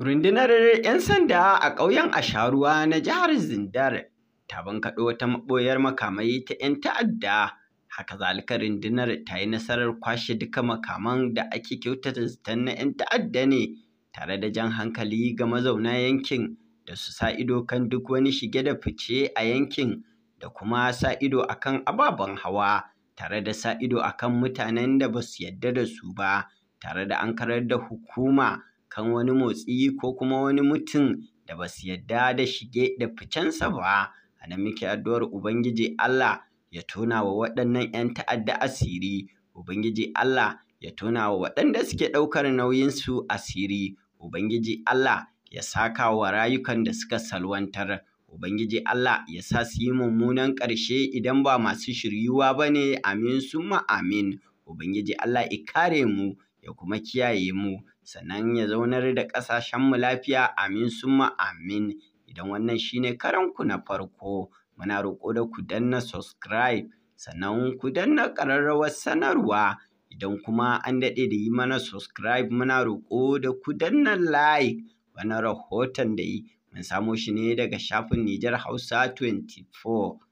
Rundunar 'yan sanda a ƙauyen Asharuwa na jihar Zindar ta bankaɗo wata maɓoyar makamai ta 'yan ta'adda. Haka zalika rundunar ta yi nasarar kwashe duka makaman da ake kyautata zaton na 'yan ta'adda ne tare da jan hankali ga mazauna yankin da su sa ido kan duk wani shige da fice a yankin da kuma sa ido akan ababen hawa tare da sa ido akan mutanen da ba su yarda da su ba tare da an karar da hukuma kan wani motsi ko kuma wani mutum da ba su yarda da shige da ficensa ba a nan muke addu'ar ubangiji Allah ya tona wa waɗannan 'yan ta'adda asiri ubangiji Allah ya tona wa waɗanda suke ɗaukar nauyin su asiri ubangiji Allah ya saka wa rayukan da suka salwantar ubangiji Allah ya sa su yi mummunan ƙarshe idan ba masu shiryuwa ba ne amin ma amin ubangiji Allah ya kare mu ya kuma kiyaye mu sannan ya zaunar da ƙasashenmu lafiya amin summa amin idan wannan shine karanku na farko muna roƙo da ku danna subscribe sannan ku danna ƙararrawar sanarwa idan kuma an daɗe da yi mana subscribe muna roƙo da ku danna like wani rahoton da yi mun samo shi ne daga shafin Nijar Hausa 24